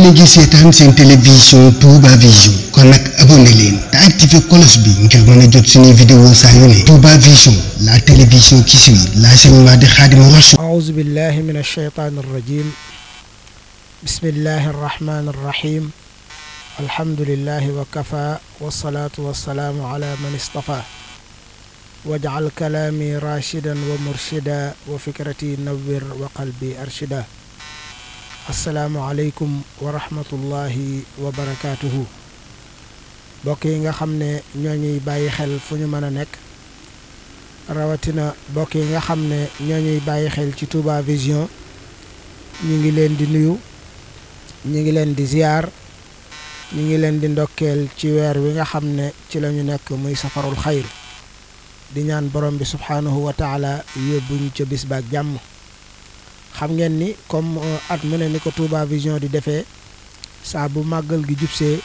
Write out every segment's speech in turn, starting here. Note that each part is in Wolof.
yéen a ngi seetaan seen télévision Touba Vision kon nag abonné leen te activé cloche bi ngir mën a jot suñuy vidéo saa yu ne Touba Vision la télévision qui suit l'enseignement de Khadimou Rassoul aouzu billahi min alsheytaan arrajim bismillahi arrahmani arrahim alhamdulillahi wa kafa wasalaatu wasalaamu ala man istafa wajcal kalaami rashidan wa murshida wa fikrati nawir wa qalbi arshida asalaamualeykum wa rahmatullahi wa barakaatuhu bokk yi nga xam ne ñoo ñuy bàyyi xel fu ñu mën a nekk rawatina bokk yi nga xam ne ñoo ñuy bàyyi xel ci Touba Vision ñu ngi leen di nuyu ñu ngi leen di ziar ñu ngi leen di ndokkeel ci weer wi nga xam ne ci lañu nekk muy safarul xayr di ñaan borom bi subhaanahu wa taala yóbbuñu ca bis baak jàmm xam ngeen ni comme euh, at mu ne ni ko Touba Vision di defee saa bu màggal gi jubsee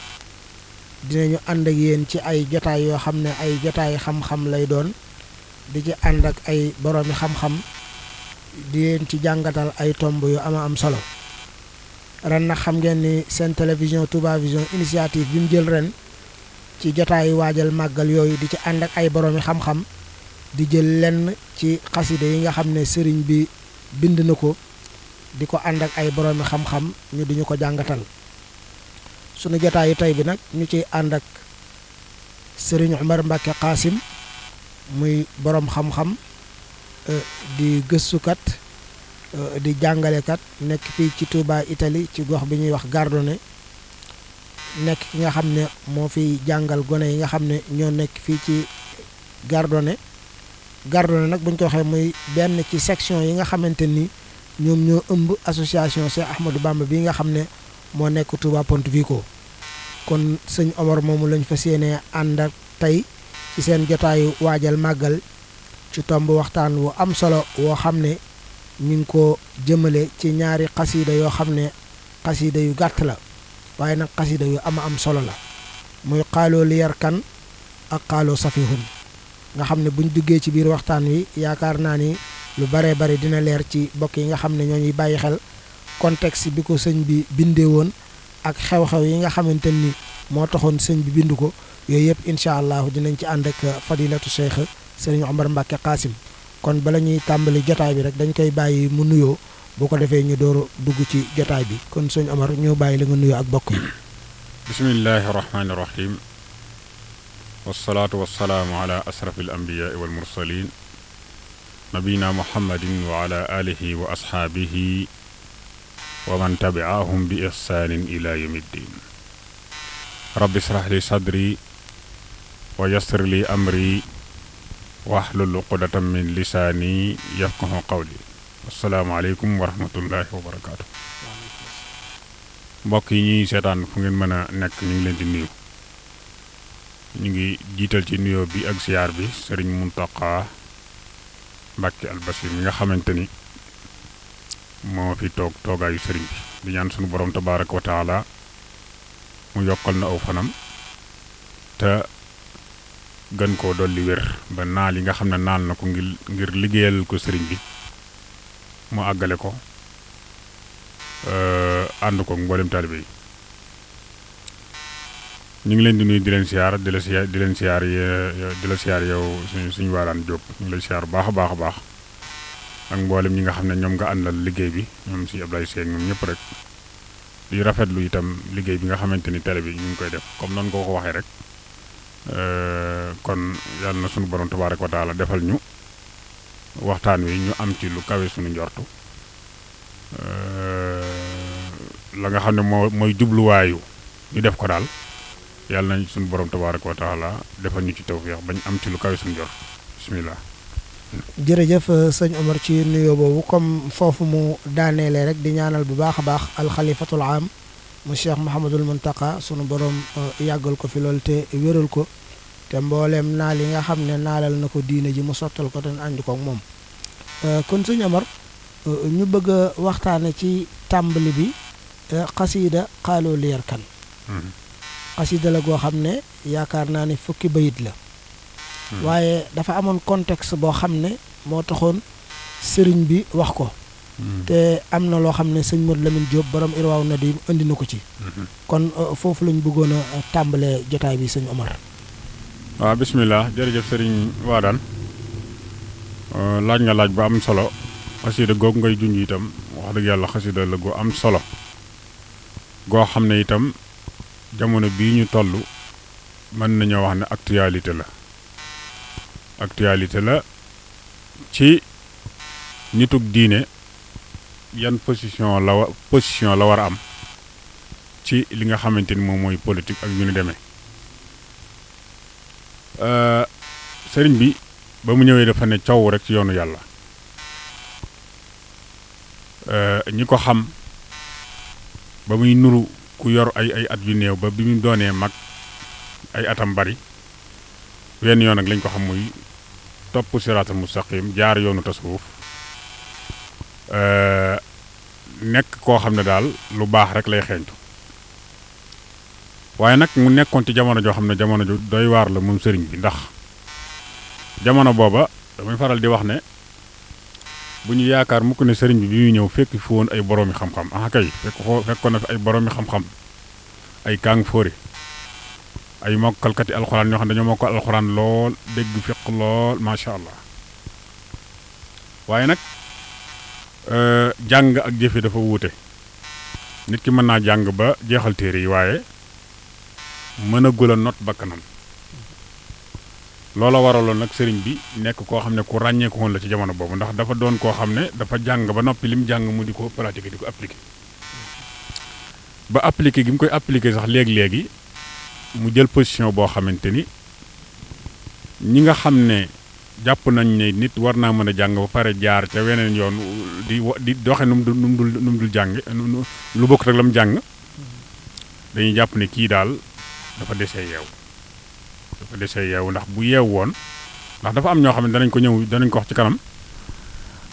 dinañu ànd ak yéen ci ay jataay yoo xam ne ay jataay xam-xam lay doon di ci ànd ak ay boroomi xam-xam di leen ci jàngatal ay tomb yu ama am solo ren nag xam ngeen ni seen télévision Touba Vision initiative bi mu jël ren ci jataayu waajal màggal yooyu di ci ànd ay boroomi xam di jël lenn ci xaside yi nga xam ne sëriñ bi bind na ko di ko ànd ak ay boroomi xam-xam ñu di ñu ko jàngatal sunu jotaayu tey bi nag ñu ciy ànd ak Serigne Omar Mbacke Qasim muy boroom xam-xam e, di gëstukat e, di jàngalekat nekk fii ci Touba itali ci gox bi ñuy wax Gardone nekk ki nga xam ne moo fi jàngal gone yi nga xam ne ñoo nekk fii ci Gardone Gardone nag buñ ko waxee muy benn ci section yi nga xamante nii ñoom ñoo ëmb association Cheikh Ahmadou Bamba bi nga xam ne moo nekk Touba Pontevico kon sëñ Omar moomu lañ fas yéenee ànd ak tey ci seen jotaayu waajal màggal ci tomb waxtaan wu am solo woo xam ne ñu ngi ko jëmale ci ñaari xasida yoo xam ne xasida yu gàtt la waaye nag xasida yu ama am solo la muy xaaloo li kan ak xaaloo safihun nga xam ne buñ duggee ci biir waxtaan wi yaakaar naa ni lu baree bari dina leer ci bokk yi nga xam ne ñoo ñuy bàyyi xel contexte bi ko sëñ bi bindee woon ak xew-xew yi nga xamante ni moo taxoon sëñ bi bind ko yooyu yëpp incha allah dinañ ci ànd ak fadilatu cheikh sëriñ Omar Mbacke Qasim kon bala ñuy tàmbali jotaay bi rek dañ koy bàyyi mu nuyoo boo ko defee ñu door dugg ci jotaay bi kon sëñ Omar ñoo bàyyi la nga nuyoo ak bokk yi. bismillahi rahmaani rahim wasalaatu wasalaamu ala asrafil anbiyaa nabiyina muhammadin wa ala alihi wa asxaabihi wa man tabi'ahum bi ihsaanin ila yawmiddin rabbi israh li sadri wa yassir li amri wahlul uqdatan min lisaani yafqahu qawli assalaamu aleykum wa wa barakaatu mbokk yi ñuy seetaan fu ngeen mën a nekk ñu ngi leen di nuyu ñu ngi jiital ci nuyoo bi ak siyaar bi sëriñ Muntaqa Mbàkke al Bachir nga xamante ni moo fi toog toogaayu sëriñ bi di ñaan sunu borom tabaaraka wa taala mu yokkal na aw fanam te gën koo dolli wér ba naal yi nga xam ne naal na ko ngir ngir liggéeyal ko sëriñ bi mu àggale ko euh, ànd ko mboolem taalibe yi ñu ngi leen di nuyu di leen siyaar di la siyaar leen siyaar di la siyaar yow suñu suñ waaraan jóg ñu ngi lay siyaar baax a baax a baax ak mboolem ñi nga xam ne ñoom nga àndal liggéey bi ñoom si Ablaye Seye ñoom ñëpp rek di rafetlu itam liggéey bi nga xamante ni télé bi ñu ngi koy def comme noonu nga ko waxee rek euh, kon yàlla na suñu borom tabaaraka wa taala defal ñu waxtaan wi ñu am ci lu kawe suñu njortu euh, la nga xam ne moo mooy jubluwaayu ñu def ko daal. yàlla nañ suñu borom tabaaraka wa taala defal ñu ci tawféex bañ am ci lu kawe suñu jor bisimilah. jërëjëf euh, sëñ Omar ci nuyoo boobu comme foofu mu daaneele rek di ñaanal bu baax a baax alxalifatul am mu cheikh Mouhamadul Mountakha sunu borom euh, yàggal ko fi lool te wéral ko te mbooleem naa li nga xam ne naalal na ko diine ji mu sottal ko te ànd ko ak moom. Euh, kon sëñ Omar ñu bëgg a waxtaane ci tàmbali bi xasiida xaaloo leer kan mm-hmm. xasida la goo xam ne yaakaar naa ne fukki bayit la hmm. waaye dafa amoon contexte boo xam ne moo taxoon sëriñ bi wax ko hmm. te am na loo xam ne sëñ Modou Lamine Diop borom irwaaw na di indi na ko ci hmm. kon euh, foofu lañ bëggoon a euh, tàmbalee jotaay bi sëñ Omar waaw bisimilah jërëjëf sëriñ Waadaan euh, laaj nga laaj bu am solo xasida googu ngay junj itam wax dëgg yàlla xasida la gu am solo goo xam ne itam jamono bii ñu toll mën nañoo wax ne actualité la actualité la ci nitug diine yan position la wa position la war a am ci li nga xamante ni moom mooy politique ak ñu ni demee euh, sëriñ bi ba mu ñëwee dafa ne coow rek ci yoonu yàlla euh, ñi ko xam ba muy nuru ku yor ay ay at yu néew ba bi mu doonee mag ay atam bari wenn yoon nag lañ ko xam muy topp siraatal mustaqim jaar yoonu tasawuf euh, nekk koo xam ne daal lu baax rek lay xeeñtu waaye nag mu nekkoon ci jamono joo xam ne jamono ju dooy waar la moom sëriñ bi ndax jamono booba damay faral di wax ne bu ñu yaakaar mukk ne sëriñ bi bi muy ñëw fekk fi woon ay boroomi xam-xam ah kay fekk foo fekkoon na fi ay boroomi xam-xam ay kaang fóori ay mokkalkati alxuraan ñoo xam dañoo mokkal alxuraan lool dégg fiq lool macha allah waaye nag euh, jàng ak jëfe dafa wuute nit ki mën naa jàng ba jeexal téere yi waaye mën a gula not bakkanam loola waraloon nag sëriñ bi nekk koo xam ne ku ràññeeku woon la ci jamono boobu ndax dafa doon koo xam ne dafa jàng ba noppi lim jàng mu di ko pratiquer di ko appliquer ba appliquer gi mu koy appliquer sax léegi-léegi mu jël position boo xamante ni ñi nga xam ne jàpp nañ ne nit war naa mën a jàng ba pare jaar ca weneen yoon di di doxe nu mu dul nu mu dul nu mu jàng lu bokk rek la mu jàng dañuy jàpp ne kii daal dafa dese yeew dafa dese yeewu ndax bu yeew woon ndax dafa am ñoo xam ne danañ ko ñëw danañ ko wax ci kanam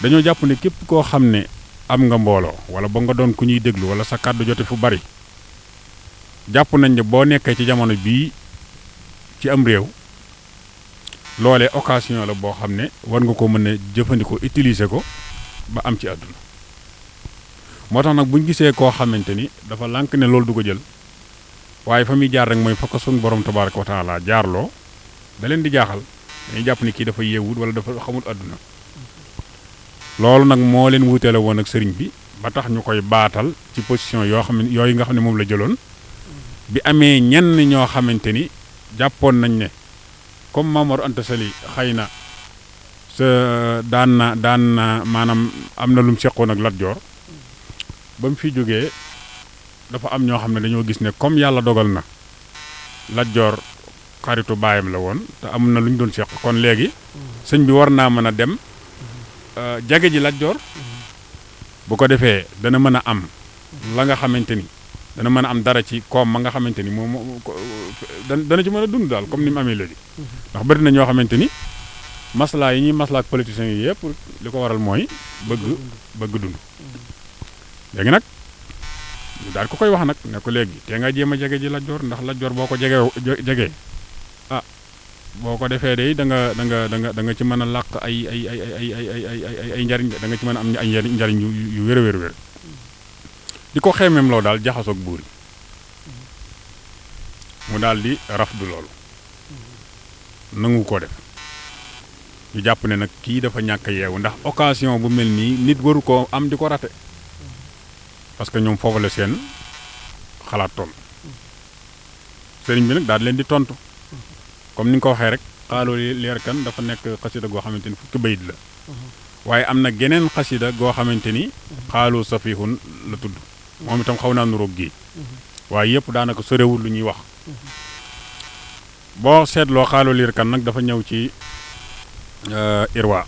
dañoo jàpp ne képp koo xam ne am nga mbooloo wala ba nga doon ku ñuy déglu wala sa kàddu jote fu bari jàpp nañ ne boo nekkee ci jamono bii ci am réew loole occasion la boo xam ne war nga ko mën a jëfandikoo utiliser ko ba am ci àdduna moo tax nag buñ gisee koo xamante ni dafa lànk ne loolu du ko jël waaye fa jaar rek mooy fokk suñu borom tabaaraka wa taala jaarloo da leen di jaaxal dañuy jàpp ni kii dafa yeewut wala dafa xamul àdduna loolu nag moo leen wuuteele woon ak sëriñ bi ba tax ñu koy baatal ci position yoo xam ne yooyu nga xam ne moom la jëloon bi amee ñenn ñoo xamante ni jàppoon nañ ne comme Mamor Anta Sali xëy na sa daan na daan na maanaam am na lu mu seqoon ak Lat Joor ba mu fi jógee dafa am ñoo xam ne dañoo gis ne comme yàlla dogal na Lat Joor xaritu baayam la woon te am na lu ñu doon seq kon léegi sëñ bi war naa mën a dem euh, jage ji Lat Joor bu ko defee dana mën a am la nga xamante ni dana mën a am dara ci koom ma nga xamante ni moom dana ci mën a dund daal comme ni mu amee léegi ndax bëri na ñoo xamante ni maslaa yi ñuy maslaa ak politiciens yi yëpp li ko waral mooy bëgg bëgg dund léegi nag daal ko koy wax nag ne ko léegi te nga jéem a jege ji Lat Joor ndax Lat Joor boo ko jegee jegee ah boo ko defee de danga danga da nga ci mën a làq ay ay ay ay njariñ da nga ci mën a am ay njariñ yu wér a wér wér di ko xeemeem loo daal jaxasoog buur yi mu daal di rafdu loolu nangu ko def ñu jàpp ne nag kii dafa ñàkk yeewu ndax occasion bu mel nii nit waru koo am di ko rate parce que ñoom foofu la seen xalaat toll sëriñ bi nag daal leen di tontu comme ni nga ko waxee rek xaaloo leer kan dafa nekk xasida goo xamante ni fukki bayit la waaye am na geneen xasida goo xamante ni xaaloo safihun la tudd moom itam xaw naa nuróog gi waaye yëpp daanaka sorewul lu ñuy wax boo seetloo xaaloo leer nag dafa ñëw ci euh, irwa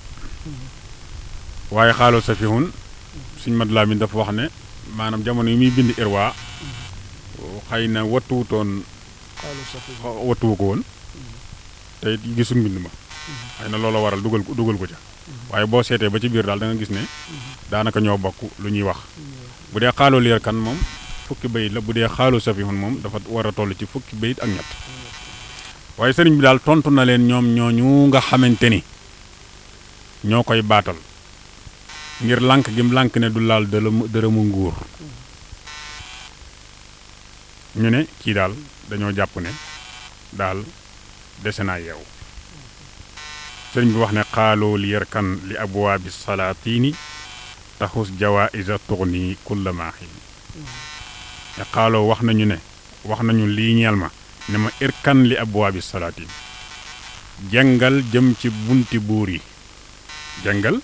waaye xaaloo safihun suñ mat laa mi dafa wax ne maanaam jamono yi muy bind irwa xëy na wattuwutoon wattuwu ko woon te it gisul mbind ma xëy na loola waral dugal dugal ko ca waaye boo seetee ba ci biir daal da gis ne daanaka ñoo bokk lu ñuy wax bu dee xaaloo liir kan moom fukki bayit la bu dee xaaloo safihun moom dafa war a toll ci fukki bayit ak ñett waaye sëriñ bi daal tontu na leen ñoom ñoo ñu nga xamante ni ñoo koy baatal ngir lànk gi mu lànk ne du laal dërëmu nguur ñu ne kii daal dañoo jàpp ne daal dese naa yeew sëriñ bi wax ne xaaloo li yarkan li abwaabi salaatini taxus jawaïsa tuxni kulla maaxin te xaaloo wax nañu ne wax nañu lii ma ne ma irkan li abwaabi salaatin jàngal jëm ci bunti buur yi jàngal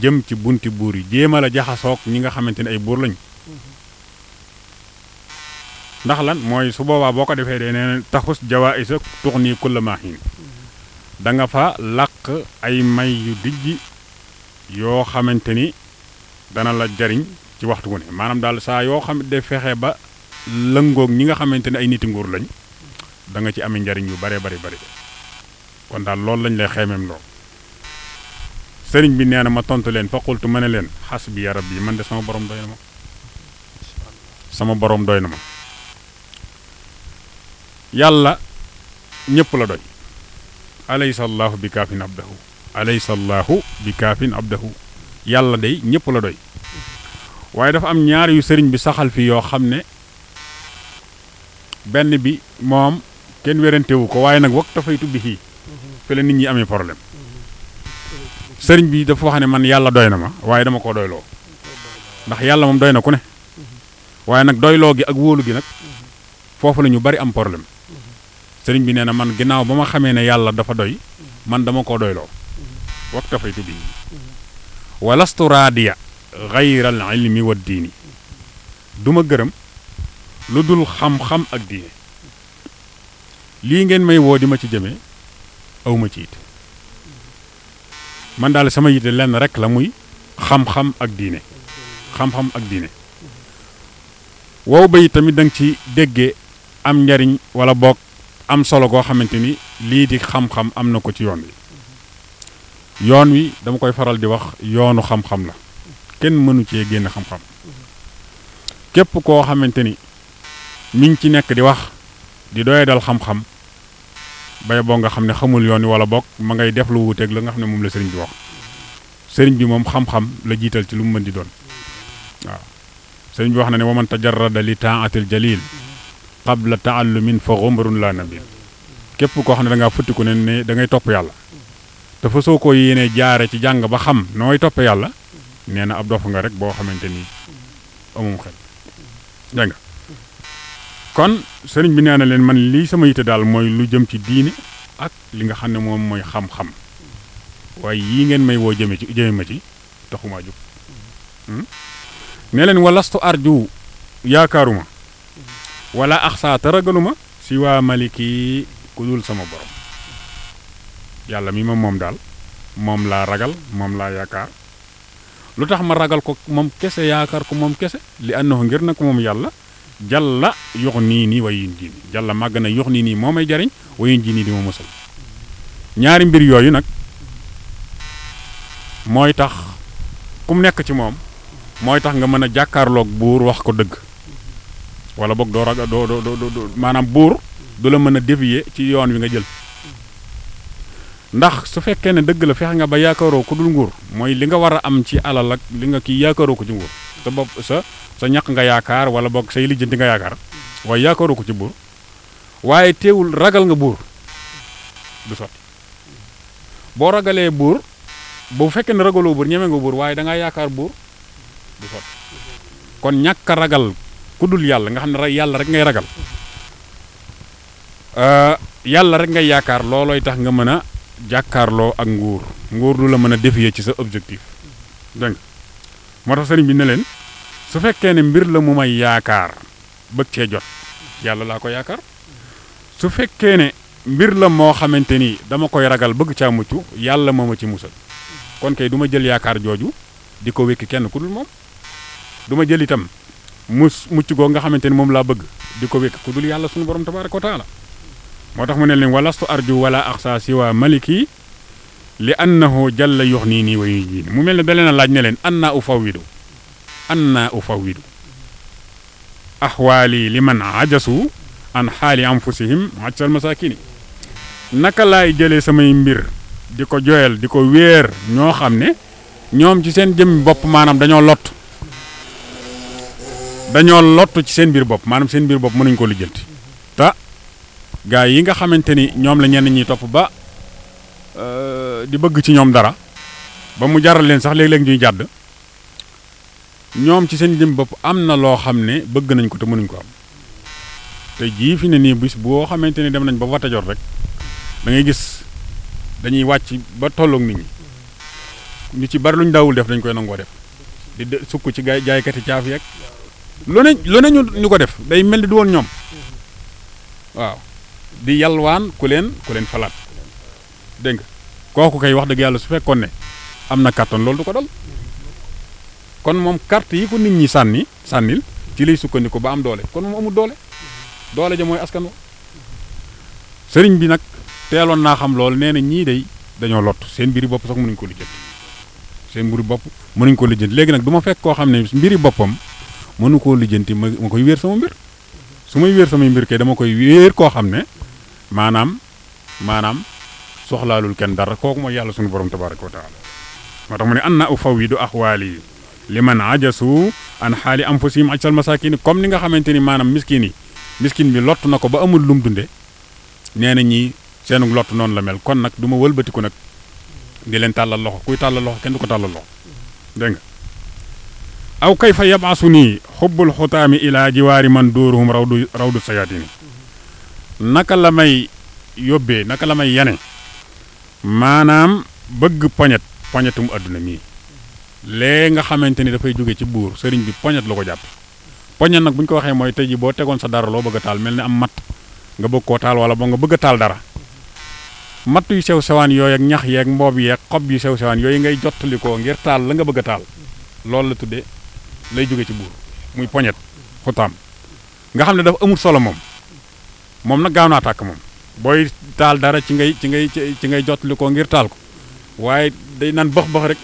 jëm ci bunti buur yi jéemal a jaxasoog ñi nga xamante ne ay buur lañ ndax lan mooy su boobaa boo ko defee dee nee taxus jawaa isa tux nii kulla maahin da nga fa làq ay may yu dijj yoo xamante ni dana la jariñ ci waxtu wu ne maanaam daal saa yoo xam de fexe ba lëngoog ñi nga xamante ne ay niti nguur lañ danga ci amee njariñ yu bare bari bari kon daal loolu lañ lay xeemeem lool sëriñ bi nee na ma tontu leen fa ma ne leen xas bi yarab yi man de sama borom doy na ma sama borom doy na ma yàlla ñëpp la doy alaysa allaahu bi kaafin abdahu alaysa allaahu bi kaafin abdahu yàlla day ñëpp la doy waaye dafa am ñaar yu sëriñ bi saxal fi yoo xam ne benn bi moom kenn wérantewu ko waaye nag waqt dafay tubbi fii fi nit ñi amee problème sëriñ bi dafa wax ne man yàlla doy na ma waaye dama koo doyloo ndax yàlla moom doy na ku ne waaye nag doyloo gi ak wóolu gi nag foofu lañu ñu bari am problème sëriñ bi nee na man ginnaaw ba ma xamee ne yàlla dafa doy man dama koo doyloo waxta faytu bi walastu raadiya xayral ilmi wa diini du gërëm lu dul xam-xam ak diine lii ngeen may woo di ma ci jëmee awma ma ci man daal sama yite lenn rek la muy xam-xam ak diine xam-xam ak diine wow ba yi tamit da ci déggee am njariñ wala boog am solo goo xamante ni lii di xam-xam am na ko ci yoon wi yoon wi dama koy faral di wax yoonu xam-xam la kenn mënu cee génn xam-xam képp koo xamante ni mi ngi ci nekk di wax di doye dal xam-xam bay boo nga xam ne xamul yoon wi wala bokk ma ngay def lu wuuteeg la nga xam ne moom la sëriñ bi wax sëriñ bi moom xam-xam la jiital ci lu mu mën di doon waaw sëriñ bi wax na ne waman tajarrada li taatil jalil qabla taallumin fa xumbarun laa nabil képp koo xam ne da ngaa fëttiku ne ne da topp yàlla dafa soo ko yéenee jaare ci jàng ba xam nooy topp yàlla nee na ab dof nga rek boo xamante ni amum xel kon sëriñ bi nee na leen man lii sama yite daal mooy lu jëm ci diine ak li nga xam ne moom mooy xam-xam waaye yii ngeen may woo jëme ci jëme ma ci taxumaa jóg hmm? ne leen walastu arju yaakaaruma wala axsaata te ragaluma si waa maliki ku dul sama borom yàlla mi ma moom daal moom laa ragal moom laa yaakaar lu tax ma ragal ko moom kese yaakaar ko moom kese li annahu ngir na ko moom yàlla la yox nii nii wayun jii nii jàlla màgg na yox nii nii moo may jariñ yu jii nii di ma mosal ñaari mbir yooyu nag mooy tax ku nekk ci moom mooy tax nga mën a jàkkaarloog buur wax ko dëgg wala boog doo ragal doo doo doo maanaam buur du la mën a dévier ci yoon wi nga jël ndax su fekkee ne dëgg la fexe nga ba yaakaaroo ku dul nguur mooy li nga war a am ci alal ak li nga kii yaakaaroo ko ci nguur sa bopp sa sa ñàkk nga yaakaar wala boog say lijjanti nga yaakaar waaye yaakaaru ko ci buur waaye teewul ragal nga buur du sotti boo ragalee buur bu fekkee ne ragaloo buur ñeme nga buur waaye da yaakaar buur du sotti kon ñàkk ragal ku dul yàlla nga xam ne yàlla rek ngay ragal euh, yàlla rek ngay yaakaar loolooy tax nga mën a jàkkaarloo ak nguur nguur du la mën a défier ci sa objectif moo tax sëriñ bi ne leen su fekkee ne mbir la mu may yaakaar bëgg cee jot yàlla laa ko yaakaar su fekkee ne mbir la moo xamante ni dama koy ragal bëgg caa mucc yàlla moo ma ci musal kon kay du ma jël yaakaar jooju di ko wékki kenn ku dul moom duma ma jël itam mus mucc goo nga xamante ni moom laa bëgg di ko wékki ku dul yàlla suñu borom tabaaraka wa taala moo tax mu ne leen walastu arju wala axsa siwa maliki li annahu jalla yuxnii nii wa yujniini mu mel ne da leen a laaj ne leen annaa ufawwidu annaa ufawwidu axwaali li man ajasu an xaali anfusihim ajsal masaakini naka lay jële samay mbir di ko joyal di ko wéer ñoo xam ne ñoom ci seen jëm bopp maanaam dañoo lott dañoo lott ci seen biir bopp maanaam seen biir bopp mënuñ ko lijjanti te gaa yi nga xamante ni ñoom la ñenn ñi topp ba di bëgg ci ñoom dara ba mu jaral leen sax léeg-léeg ñuy jàdd ñoom ci seen jëm bopp am na loo xam ne bëgg nañ ko te mënuñ ko am te jii fi ne nii bis boo xamante ni dem nañ ba wata rek da ngay gis dañuy wàcc ba tolloog nit ñi ñu ci bari luñ dawul def dañ koy nangoo def di sukk ci gaay jaaykati caaf yeeg lu ne lu ne ñu ko def day mel ni du woon ñoom waaw di yalwaan ku leen ku leen falaat dégg kooku koy wax dëgg yàlla su fekkoon ne am na kàttan loolu du ko dal kon moom carte yi ko nit ñi sànni sànnil ci lay sukkandiku ba am doole kon moom amul doole doole ja mooy askan wa sëriñ bi nag teeloon naa xam lool nee na ñii day dañoo lott seen mbiri bopp sax mënuñ ko lijjanti seen mbiri bopp mënuñ ko lijjanti léegi nag du ma fekk koo xam ne mbiri boppam mënu koo lijjanti ma ma koy wéer sama mbir su may wéer samay mbir kay dama koy wéer koo xam ne maanaam maanaam soxlaalul kenn dara kooku mooy yàlla suñu borom tabaraka wa taala moo tax mu ne an na u faw yi du axwaali li man ajasu an xaali ma ajsal masakin comme ni nga xamante ni maanaam miskin yi miskin bi lott na ko ba amul lum dunde nee na ñi seenu lott noonu la mel kon nag du ma wëlbatiku nag di leen tàllal loxo kuy tàllal loxo kenn du ko tàllal loxo dégg nga aw kay fa yabaasu nii xubbul xutaami ilaa jiwaari man dóoruhum rawdu rawdu sayaatini naka la may yóbbee naka la may yane maanaam bëgg poñet poñetum àdduna mii lee nga xamante ni dafay jóge ci buur sëriñ bi poñet la ko jàpp poñet nag bu ñu ko waxee mooy tey ji boo tegoon sa dara loo bëgg taal mel ni am matt nga bëgg koo taal wala boo nga bëgg taal dara matt yu sew sewaan yooyu ak ñax yeeg mboob yeeg xob yu sew sewaan yooyu ngay jottali ko ngir taal la nga bëgg a taal loolu la tuddee lay jóge ci buur muy poñet xutaam nga xam ne dafa amul solo moom moom nag gaaw naa moom booy taal dara ci ngay ci ngay ci ngay jotli ko ngir taal ko waaye day naan bëx bëx rek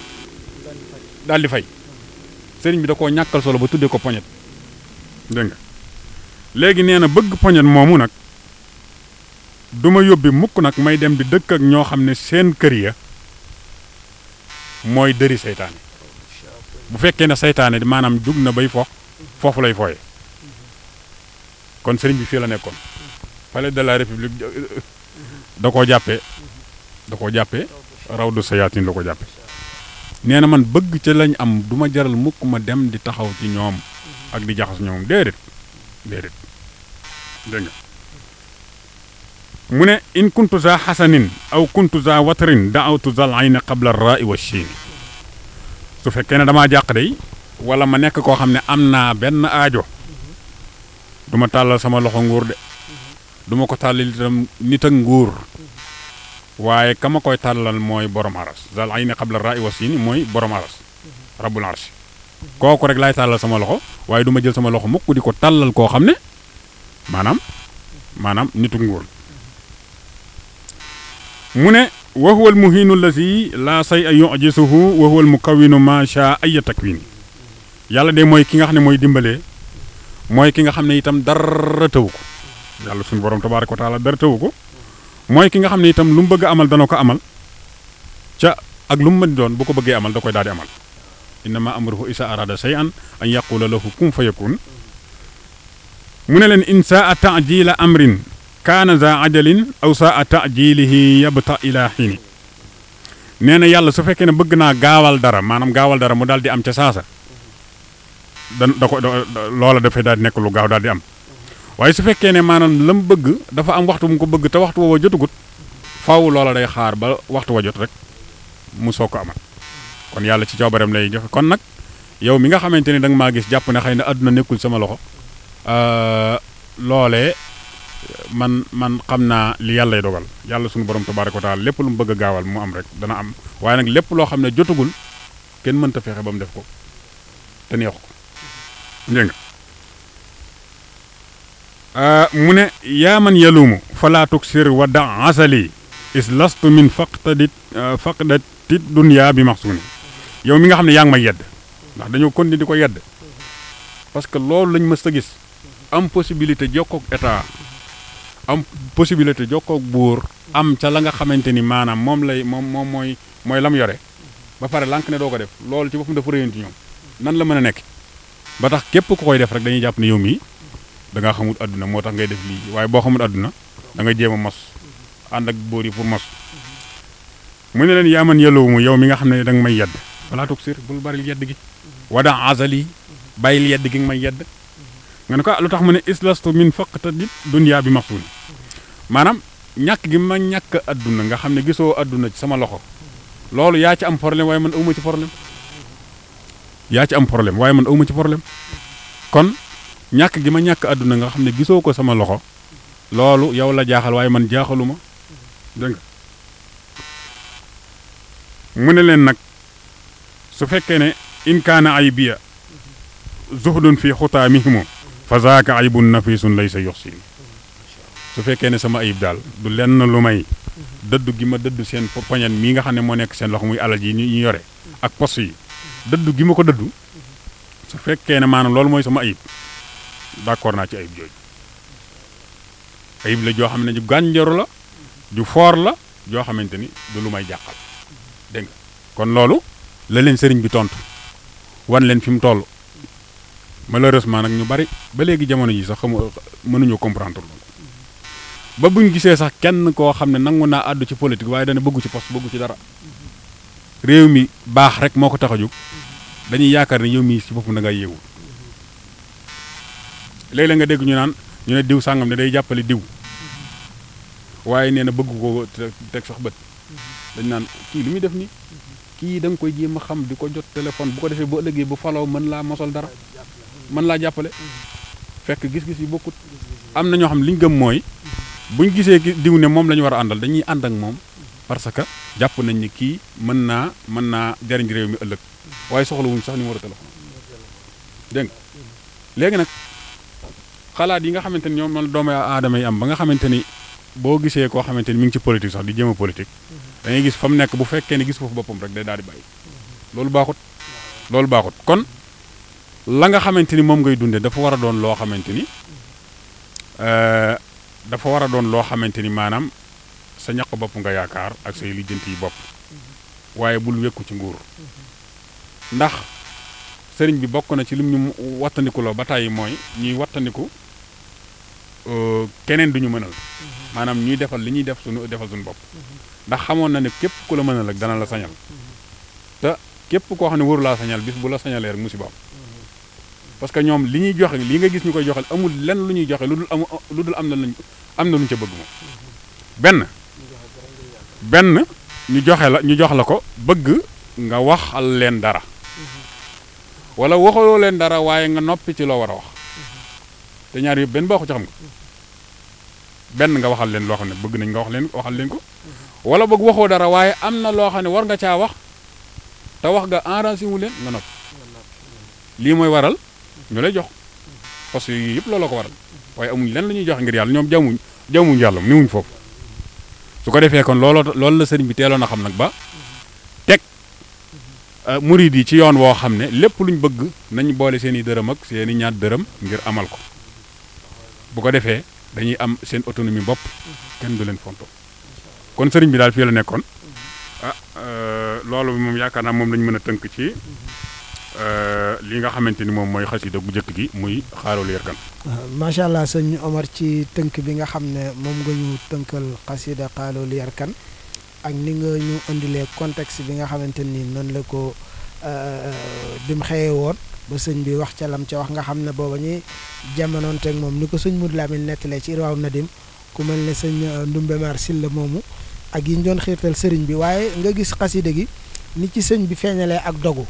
daal di fay sëriñ bi da koo ñàkkal solo ba tuddee ko poñet dégg léegi nee na bëgg poñet moomu nag du ma yóbbi mukk nag may dem di dëkk ak ñoo xam ne seen kër ya mooy dëri seytaane bu fekkee ne seytaane maanaam jug na bay fox foofu lay fooye kon sëriñ bi fii la nekkoon palais de la république euh, euh, da koo jàppee da koo jàppe raw du sayaatin la ko jàppe nee na man bëgg ca lañ am du ma jaral mukk ma dem di taxaw ci ñoom ak di jaxas ñoom déedéet déedéet mu ne in kuntu xasanin aw kuntu za watarin daawtu zal ayna qabla rai wa chiini su fekkee ne damaa jàq day wala ma nekk koo xam ne am naa benn aajo duma tàllal sama loxo nguur de duma ko tàllal itam nit ak nguur waaye ka ma koy tàllal mooy borom aras zal ayni qabla ra'i mooy borom aras kooku rek laay tàllal sama loxo waaye duma jël sama loxo mukk di ko tàllal koo xam ne maanaam maanaam nitu nguur mu ne wa huwa al muhiinu allazi laa say a yujisuhu wa mu al mukawinu ma sha ay takwin yàlla de mooy ki nga xam ne mooy dimbalee mooy ki nga xam ne itam dara tëwu ko yàlla suñu borom tabaaraka wa taala dara tëwu ko mooy ki nga xam ne itam lu mu bëgg amal dana ko amal ca ak lu mu mën doon bu ko bëggee amal da koy daal di amal innama amruhu isa arada shay'an an yaqula lahu kun mu ne leen in saa taajila amrin kaana za ajalin aw saa taajilihi yabta ila nee na yàlla su fekkee ne bëgg naa gaawal dara maanaam gaawal dara mu daal di am ca saasa da da loola dafay daal di nekk lu gaaw daal di waaye su fekkee ne maanaam la mu bëgg dafa am waxtu mu ko bëgg te waxtu woowa jotugut faaw loola day xaar ba waxtu wa jot rek mu soog ko amal kon yàlla ci coobareem lay joxe kon nag yow mi nga xamante ni da maa gis jàpp ne xëy na àdduna nekkul sama loxo euh, loolee man man xam naa li yàllay dogal yàlla suñu borom tabaaraka wa taala lépp lu mu bëgg gaawal mu am rek dana am waaye nag lépp loo xam ne jotagul kenn mënta fexe ba mu def ko te neexu ko Euh, mu ne yaa man yaluumu falaa tuksir wa da asali is lastu min faqdati euh, faqdati dunya bi maxsuuni yow mi nga xam ne yaa ngi may yedd ndax dañoo continuer di ko yedd parce que loolu lañ mës a gis am possibilité jokkoog état am possibilité jokkoog buur am ca la nga xamante ni maanaam moom lay moom moom mooy mooy lam yore ba pare lank ne doo ko def loolu ci boppam dafa réyanti ñoom nan la mën a nekk ba tax képp ku koy def rek dañuy jàpp ni yow mii danga ngaa xamul àdduna moo tax ngay def lii waaye boo xamul àdduna da nga jéem a mos ànd ak bóor yi pour mos mu ne leen yaa man yellowu mu yow mi nga xam ne danga may yedd wala toog sir bul bari yedd gi wada azali bàyyil yedd gi nga may yedd nga ne ko ah, lu tax mu ne islastu min faqtadi dunya bi ma masuun maanaam ñàkk gi ma ñàkk àdduna nga xam ne gisoo àdduna ci sama loxo loolu yaa ci am problème waaye man awma ci problème yaa ci am problème waaye man awma ci problème kon ñàkk gi ma ñàkk àdduna nga xam ne gisoo ko sama loxo loolu yow la jaaxal waaye man jaaxaluma dégg nga mu ne leen nag su fekkee ne in kaana ay biya zuhdun fi xutaamihimu fa zaaka lay nafisun laysa yuxsin su fekkee ne sama ayib daal du lenn lu may dëddu gi ma dëddu seen poñet mii nga xam ne moo nekk seen loxo muy alal yi ñu yore ak pos yi dëddu gi ma ko dëddu su fekkee ne maanaam loolu mooy sama ayib d'accord naa ci ayib jooju ayib la joo xam ne ju gànjaru la ju foor la joo xamante ni du lu may jàqal dégg nga kon loolu la leen sëriñ bi tontu wan leen fi mu toll malheureusement nag ñu bari ba léegi jamono ji sax xamu mënuñoo comprendre loolu ba buñ gisee sax kenn koo xam ne nangu naa àddu ci politique waaye dana bëggu ci poste bëggu ci dara réew mi baax rek moo ko tax a jóg dañuy yaakaar ne yow mi si boppam da nga yeewul léeg-léeg nga dégg ñu naan ñu ne diw sàngam ne day jàppale diw waaye nee na bëgg ko teg sax bët dañ naan kii lu muy def nii kii da koy jéem a xam di ko jot téléphone bu ko defee bu ëllëgee bu faloo mën laa mosal dara mën laa jàppale fekk gis-gis yi bokkut am na ñoo xam liñ gëm mooy bu ñu gisee diw ne moom lañu war a àndal dañuy ànd ak moom parce que jàpp nañ ni kii mën naa mën naa jariñ réew mi ëllëg waaye soxla wuñ sax numéro téléphone dégg nga léegi nag xalaat yi nga xamante ni ñoom man doomu aadama yi am ba nga xamante ni boo gisee koo xamante ni mi ngi ci politique sax di jéem a politique gis fa mu nekk bu fekkee ne gis foofu boppam rek day daal di bàyyi loolu baaxut loolu baaxut kon la nga xamante ni moom ngay dundee dafa war a doon loo xamante ni euh, dafa war a doon loo xamante ni maanaam sa ñaq bopp nga yaakaar ak say lijjanti yi bopp waaye bul wekku ci nguur ndax sëriñ bi bokk na ci lim wattandiku wattandikuloo ba tàyyi mooy ñuy wattandiku keneen du ñu mënal. Mhm. maanaam ñuy defal li ñuy def suñu defal suñu bopp. ndax xamoon na ne képp ku la mënal ak dana la sañal. Mhm. te képp koo xam ne waru laa sañal bis bu la sañalee rek musibaam. Mhm. parce que ñoom li ñuy joxe li nga gis ñu koy joxe amul lenn lu ñuy joxe lu dul am lu dul am na luñ am na luñ ca bëgg moom. benn benn ñu joxe la ñu jox la ko bëgg nga waxal leen dara. wala waxaloo leen dara waaye nga noppi ci loo war a wax. te ñaar yëpp benn baaxu ci xam nga benn nga waxal leen loo xam ne bëgg nañ nga wax leen waxal leen ko wala bëgg waxoo dara waaye am na loo xam ne war nga caa wax te wax nga arrangé wu leen nga noppi lii mooy waral ñu lay jox parce yii yëpp looloo ko waral waaye amuñ len la ñuy joxe ngir yàlla ñoom jamuñ jamuñ yàlla ni wuñ foofu su ko defee kon looloo loolu la sëriñ bi teeloon a xam nag ba teg euh, murid yi ci yoon woo xam ne lépp luñ bëgg nañ boole seen i dërëm ak seen i ñaat dërëm ngir amal ko bu ko defee dañuy am seen autonomie bopp kenn du leen fonto kon sëriñ bi daal fii la nekkoon ah euh, loolu moom yaakaar naa moom lañ mën a tënk ci euh, li nga xamante ni moom mooy xasida gu njëkk gi muy xaarul yarkan euh, macha allah sëñ Omar ci tënk bi nga xam ne moom nga ñu tënkal xasida xaarul yarkan ak ni nga ñu indilee context bi nga xamante ni noonu la ko bi mu xëyee woon ba sëñ bi wax ca lam ca wax nga xam ne booba ñuy jamonoonteeg moom ni ko sëñ Mourou Lamine nettalee ci Irwaaw Nadim ku mel ne sëñ euh, Ndumbe Mar Silla moomu ak yi ñu doon xiirtal sëriñ bi waaye nga gis xaside gi ni ci sëñ bi feeñalee ak dogu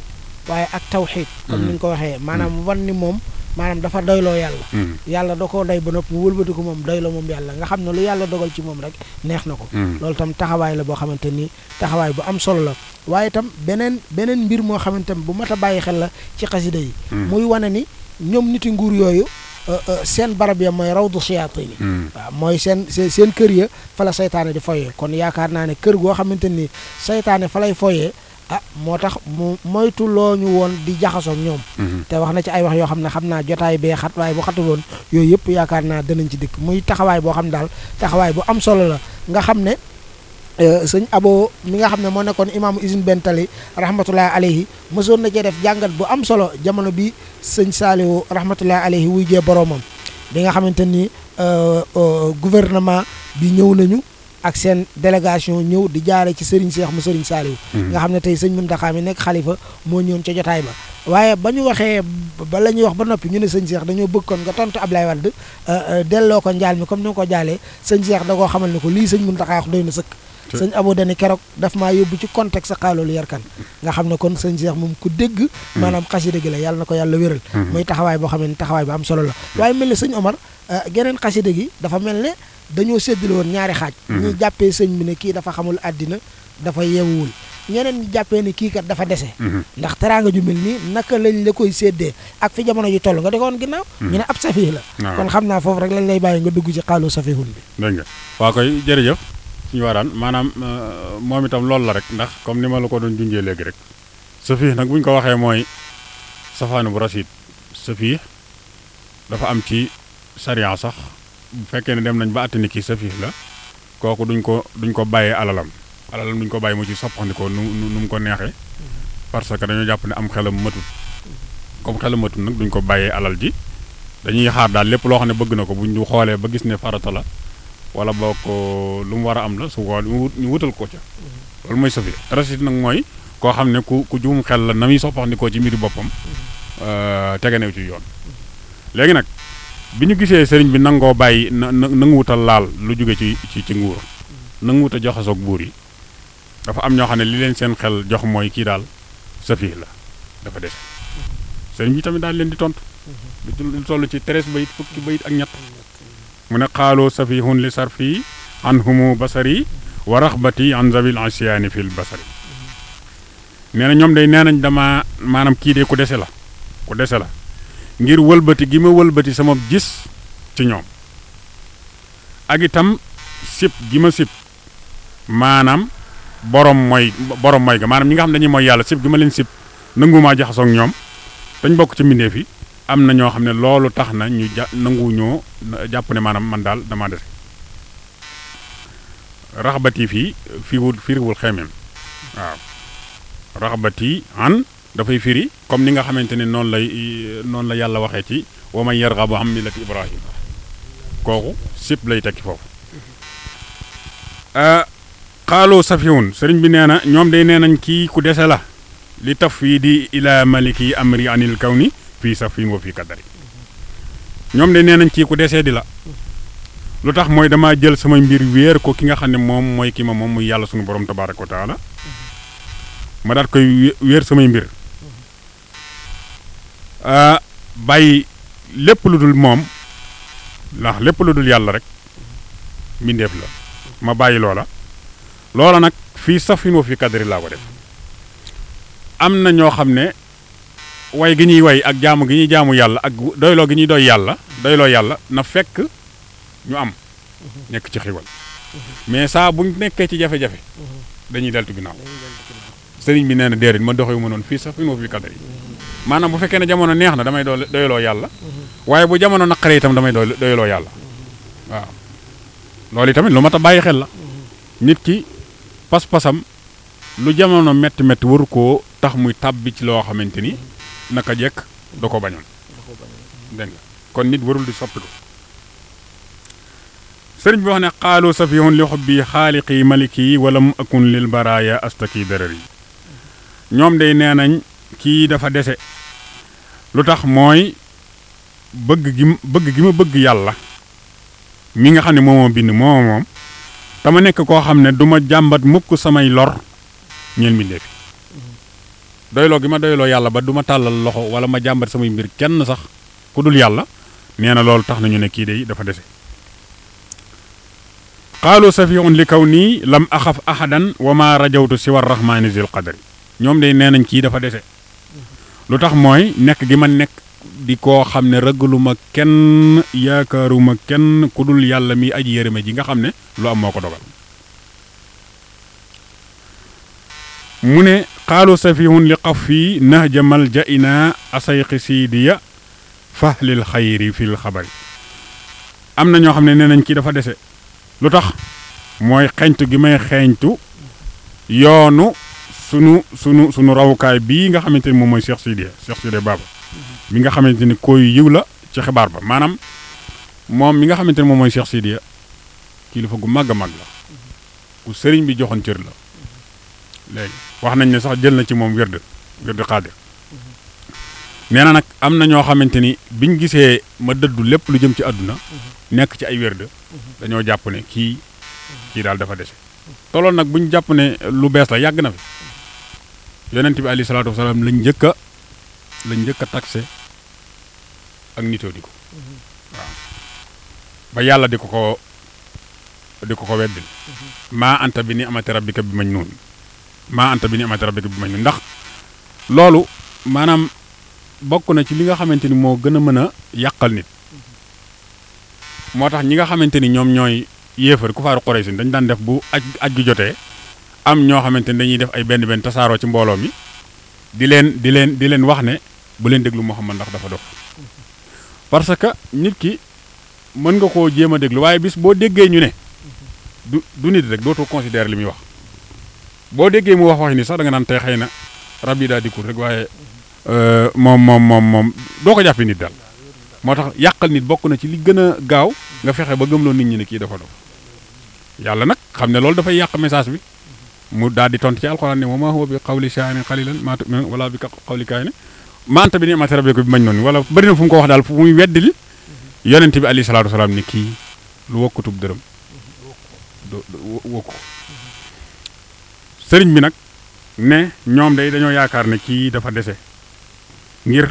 waaye ak tawxiid comme ni ñu ko waxee mm-hmm. maanaam wan ni moom maanaam dafa doyloo yàlla hmm. yàlla da koo doy ba noppi wëlbati ko moom doyloo moom yàlla nga xam ne lu yàlla dogal ci moom rek neex na ko hmm. loolu tam taxawaay la boo xamante ni taxawaay bu am solo la waaye tam beneen beneen mbir moo xamante ni bu mat a bàyyi xel la ci xasida yi hmm. muy wane ni ñoom niti nguur yooyu euh, euh, seen barab ya mooy raw rawdu shayaatini waaw mooy seen seen kër ya fa la saytaane di foyee kon yaakaar naa ne kër goo xamante ni seytaane fa lay foyee ah moo tax mu moytu loo ñu woon di jaxasoog ñoom mhm. te wax na ci ay wax yoo xam ne xam naa jotaay bee xat waaye bu xatul woon yooyu yëpp yaakaar naa danañ ci dikk muy taxawaay boo xam ne daal taxawaay bu am solo la nga xam ne euh, sëñ abo mi nga xam ne moo nekkoon imaamu usine bentali rahmatullahi alayhi mësoon na cee def jàngat bu am solo jamono bi sëñ saaliwu rahmatullahi alayhi wuy jee boroomam bi nga xamante ni euh, euh, gouvernement bi ñëw nañu ak seen délégation ñëw di jaare ci Serigne Cheikh mu Serigne Saliou mhm. nga xam ne tey sëñ Mountakha mi nekk xalifa moo ñëwoon ca jotaay ba waaye ba ñu waxee ba la ñuy wax ba noppi ñu ne sëñ Cheikh dañoo bëgg kon nga tontu Ablaye Wade euh, euh, delloo ko njaal mi comme ni ko jaalee sëñ Cheikh da koo xamal ne ko lii sëñ Mountakha wax doy na sëkk sëñ aboo dani keroog daf maa yóbbu ci contexte xaaloolu kan nga xam ne kon sëñ Cheikh moom ku dégg mm. maanaam xasida gi la yàlla ko yàlla wéral mm-hmm. muy taxawaay boo xam ne taxawaay ba am solo la mm. waaye mel euh, ne dañoo séddale woon ñaari xaaj mhm. ñi jàppee sëñ bi ne kii dafa xamul àddina dafa yeewuwul ñeneen ñi jàppee ne kii kat dafa dese mhm. ndax teraanga ju mel nii naka lañ la koy séddee ak fi jamono ji toll nga defoon ginnaaw mhm. ñu ne ab safih la ah. kon xam naa foofu rek lañ lay bàyyi nga dugg ci xaalu safihun bi dégg nga waa koy jërëjëf suñu waaraan maanaam euh, moom itam loolu la rek ndax comme ni ma la ko doon junjee léegi rek safih nag bu ñu ko waxee mooy safaanu bu rasid safih dafa am ci sariya sax bu fekkee ne dem nañ ba àtte ni kii safiif la kooku duñ ko duñ ko bàyyee alalam alalam duñ ko bàyyi mu ci soppandikoo nu nu mu ko neexee parce que dañoo jàpp ne am xelam matut comme xelam matut nag duñ ko bàyyee alal ji dañuy xaar daal lépp loo xam ne bëgg na ko bu ñu xoolee ba gis ne farata la wala boo ko lu mu war a am la su ko ñu wutal ko ca loolu mooy safiif rasit nag mooy koo xam ne ku ku juum xel la na yi soppandikoo ci mbiri boppam euh, teganew ci yoon nag bi ñu gisee sëriñ bi nangoo bàyyi na nanguwut a laal lu jóge ci ci ci nguur mm. nanguwut a joxasoog buur yi dafa am ñoo xam ne li leen seen xel jox mooy kii daal safiir la dafa des mm-hmm. sëriñ bi tamit daal leen di tontu mm-hmm. lu toll ci treize bayit fukki bayit ak ñett mm-hmm. mu ne xaaloo safihun li sarfi an humu basari wa raxbati an zabil asiyaani fil basari nee ñoom day nee nañ dama maanaam kii de ku dese la ku dese la ngir wëlbati gi ma wëlbati sama gis ci ñoom ak itam sib gi ma sib maanaam borom mooy borom mooy ga maanaam ñi nga xam ne dañuy mooy yàlla sib gi ma leen sib nangumaa jaxasoo ak ñoom dañ bokk ci mbindeef yi am na ñoo xam ne loolu tax na ñu ja jàpp ne maanaam man daal damaa dese raxbati fii fiiwul fiiriwul xeemeem waaw raxbati an dafay firi comme ni nga xamante ne noonu lay noonu la yàlla waxee ci wa man yarghabu an millati ibrahim kooku sip lay tekki foofu xaaloo euh, safihun sëriñ bi nee na ñoom day nee nañ kii ku dese la li taf yi di ila maliki amri anil kawni fii safihin wa fii kadari ñoom day nee nañ kii ku desee la lu tax mooy damaa jël samay mbir wéer ko ki nga xam ne moom mooy ki ma moom muy yàlla suñu borom tabaaraka wa taala ma daat koy wéer samay mbir bàyyi lépp lu dul moom ndax lépp lu dul yàlla rek mbindeef la ma bàyyi loola loola nag fii sax fi moo fi kadri laa ko def am na ñoo xam ne way gi ñuy way ak jaamu gi ñuy jaamu yàlla ak doyloo gi ñuy doy yàlla doyloo yàlla na fekk ñu am nekk ci xiwal mais saa buñ nekkee ci jafe-jafe dañuy deltu ginnaaw sëriñ bi nee na ma doxewu ma noonu fii sax fi moo maanaam bu fekkee ne jamono neex na damay doyloo yàlla waaye bu jamono naqaree itam damay doyloo yàlla waaw loolu itamit lu mat a bàyyi xel la nit ki pas-pasam lu jamono metti métti waru ko tax muy tàbbi ci loo xamante ni naka jekk da ko bañoon kon nit warul di soppiku sëriñ bi wax ne xaalu safihun yi xubbi xaaliqi maliki wala mu akun baraaya astaki darar ñoom day nee kii dafa dese lu tax mooy bëgg gi bëgg gi ma bëgg yàlla mi nga xam ne moomoo bind moomoo moom dama nekk koo xam ne duma ma jàmbat mukk samay lor ñeel mi fi doyloo gi ma doyloo yàlla ba duma tàllal loxo wala ma jàmbat samay mbir kenn sax ku dul yàlla nee na loolu tax nañu ne kii day dafa dese sa qaalu safiun li kaw nii lam axaf ahadan wa ma rajawtu siwa rahmaani zil qadari ñoom day nee nañ kii dafa dese lu tax mooy nekk gi ma nekk di koo xam ne ragaluma kenn yaakaaru yaakaaruma kenn ku dul yàlla mi aji yërëme ji nga xam ne lu am moo ko dogal mu ne xaalu safihun li xaf fii nahja malja ina asayqi ya fahlil xayri fil xabari am na ñoo xam ne nee nañ kii dafa dese lu tax mooy xeeñtu gi may xeeñtu yoonu sunu sunu sunu rawukaay bii nga xamante ni moom mooy Cheikh Sidiya Cheikh Sidiya Baba mi nga xamante ni koy yiw la ci xibaar ba maanaam moom mi nga xamante ni moom mooy Cheikh Sidiya kilifa gu màgg a màgg la ku sëriñ bi joxoon cër la léegi wax nañ ne sax jël na ci moom wérd wérd xaadir nee na nag am na ñoo xamante ni bi ñu gisee ma dëddu lépp lu jëm ci àdduna nekk ci ay wérd dañoo jàpp ne kii kii daal dafa dese toloon nag buñ jàpp ne lu bees la yàgg na yonent bi alayhi salaatu wasalaam lañ njëkk a lañ njëkk a taxé ak nitoo di ko ba yàlla di ko ko di ko ko weddil maa anta bi ni amati rabbika bi mañ nuun maa anta bi ni amati rabbika bi mañ nuun ndax loolu maanaam bokk na ci li nga xamante ni moo gën a mën a yàqal nit moo tax ñi nga xamante ni ñoom ñooy yéefar ku faaru Quraysh dañ daan def bu aj aj gi jotee am ñoo xamante ne dañuy def ay benn benn tasaaroo ci mbooloo mi di leen di leen di leen wax ne bu leen déglu Muhammad ndax dafa dof parce que nit ki mën nga koo jéem a déglu waaye bis boo déggee ñu ne du du nit rek dootoo considérer li muy wax boo déggee mu wax wax ni sax danga nga naan tey xëy na rab yi daa dikkul rek waaye euh, moom moom moom moom doo ko jàppee nit daal moo tax yàqal nit bokk na ci li gën a gaaw nga fexe ba gëmloo nit ñi ne kii dafa dof yàlla nag xam ne loolu dafay yàq message bi mu daal di tontu ci alxuraan ne wa maa huwa bi qawli shaa'irin qaliilan maa bi qawli kaahin maa anta bi ni'mati rabbika bi majnuun wala bëri na fu mu ko wax daal fu muy weddil yonent bi alayhi salaatu wasalaam ne kii lu wokkutub dërëm wokku sëriñ bi nag ne ñoom day dañoo yaakaar ne kii dafa dese ngir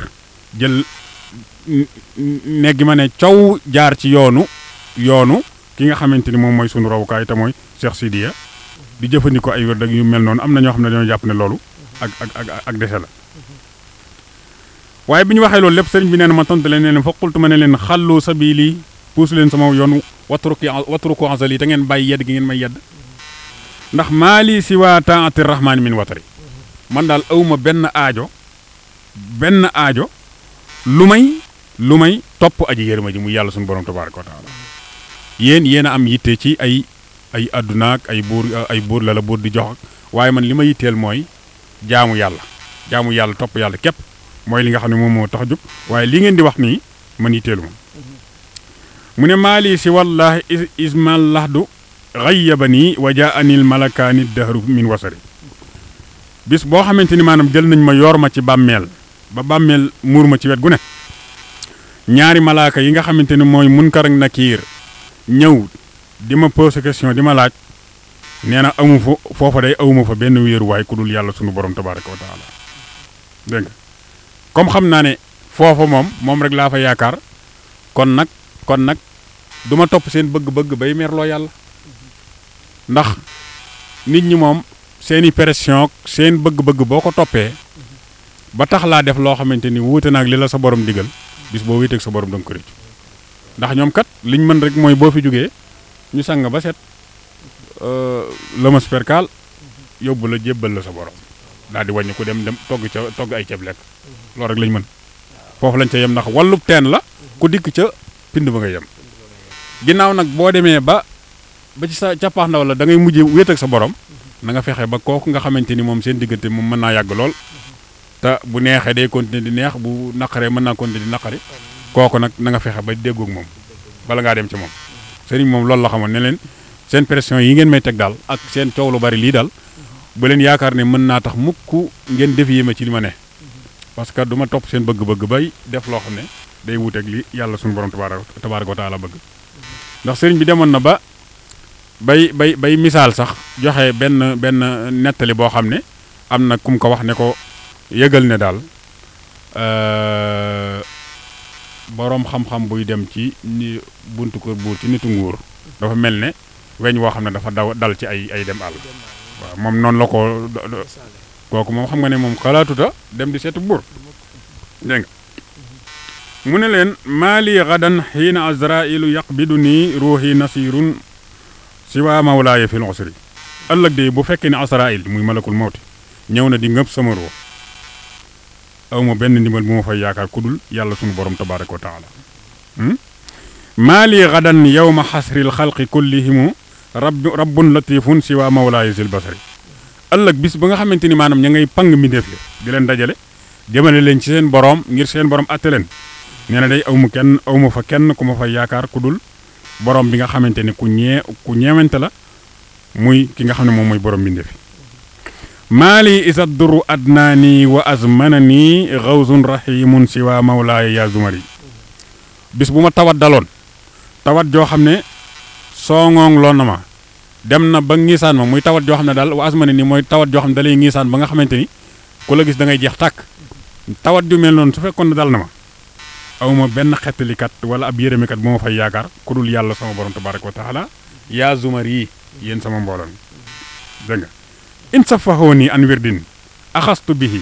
jël néegi ma ne coow jaar ci yoonu yoonu ki nga xamante ni moom mooy sunu rawukaay te mooy Cheikh Sidiya di jëfandikoo ay wér yu mel noonu am na ñoo xam ne dañoo jàpp ne loolu ak ak ak dese la waaye bi ñu waxee loolu lépp sëriñ bi nee na ma tontu leen ne leen foqultu ma ne leen xàllu sabili puus leen sama yoon watruki watruku asali te ngeen bàyyi yedd gi ngeen may yedd ndax maali si waa taati rahmaani min watari man daal awma benn aajo benn aajo lu may lu may topp aji yërma ji mu yàlla suñu borom tabaaraka wa taala yéen yéen am yitte ay àdduna ak ay buur ay buur la la buur di jox waaye man li ma yitteel mooy jaamu yàlla jaamu yàlla topp yàlla képp mooy li nga xam ne moom moo tax jub waaye li ngeen di wax nii man yitteelu ma mu ne maali si wallaahi ismal lahdu xayyabanii wa jaa anil malakaani dahru min wasari bis boo xamante ni maanaam jël nañ ma yor ma ci bàmmeel ba bàmmeel muur ma ci wet gu ne ñaari malaaka yi nga xamante ni mooy munkar ak nakiir ñëw di ma posé question di ma laaj nee na amu fa foofa day awuma fa benn wéeruwaay ku dul yàlla sunu borom tabaaraka wa taala comme xam naa ne foofa moom moom rek laa fa yaakaar kon nag kon nag du topp seen bëgg-bëgg bay merloo yàlla ndax nit ñi moom seeni pression seen bëgg-bëgg boo ko toppee ba tax laa def loo xamante ni wuute naag li la sa borom digal bis boo wéeteeg sa borom danga ko ndax ñoom kat liñ mën rek mooy boo fi jógee ñu sang ba set euh, lëmas perkaal yóbbu la jébbal la sa borom daal di wàññi ku dem dem togg ca togg ay ceeb lekk loolu rek lañ mën foofu lañ ca yem ndax wàllub teen la ku dikk ca pind ba nga yem ginnaaw nag boo demee ba ba ci sa capaax ndaw la da ngay mujj wéet sa borom na nga fexe ba kooku nga xamante ni moom seen diggante moom mën naa yàgg lool te bu neexee day continuer di neex bu naqaree mën naa continuer di naqari kooku nag na nga fexe ba déggoog moom bala ngaa dem ci moom sëriñ moom loolu la xamoon ne leen seen pression yi ngeen may teg daal ak seen coow lu bari lii daal bu leen yaakaar ne mën naa tax mukk ngeen dévier ma ci li ma ne parce que du ma topp seen bëgg-bëgg bay def loo xam ne day wuuteeg li yàlla suñu borom tabaaraka wa taala bëgg ndax sëriñ bi demoon na ba bay bay bay misaal sax joxe benn benn nettali boo xam ne am na kum ko wax ne ko yëgal ne daal euh, boroom xam-xam buy dem ci ni buntu kër buur ci nitu nguur dafa mel ne weñ woo xam ne dafa daw dal ci ay ay dem àll waaw moom noonu la ko kooku moom xam nga ne moom xalaatuta dem di seetu buur dégg nga mu ne leen maali gadan xiina azrailu du ni ruuxi nasirun siwa mawlaaya fil usri ëllëg de bu fekkee ne azrail muy malakul mawti ñëw na di ngëpp sama ruux awma benn ndimbal bu ma fay yaakaar ku yàlla sunu borom tabaaraka wa taala hmm? maa lii ma yowma xasril xalqi kullihimu rab rabbun latifun siwa mawlaayi zil basari ëllëg bis ba nga xamante ni maanaam ña ngay pang mbindéef le di leen dajale jëmale leen ci seen borom ngir seen borom atte leen nee na day awma kenn awma fa kenn ku ma fay yaakaar ku dul borom bi nga xamante ni ku ñee ku ñeewante la muy ki nga xam ne moom mooy borom mbindéef maali isa duru adnaani wa azmanani xawsun rahimun siwa mawlaaya yaa zumari bis bu ma tawat daloon tawat joo xam ne soongoong loon na ma dem na ba ngiisaan ma muy tawat joo xam ne daal wa ne ni mooy tawat joo xam ne dalay ngiisaan ba nga xamante ni ku la gis da ngay jeex tàkk tawat ju mel noonu su fekkoon ne dal na ma awma benn xettalikat wala ab yërëmikat bu ma fay yaakaar ku dul yàlla sama borom tabaraka wa taala yaa zumar yi yéen sama mbooloo in safahooni an wirdin axastu bihi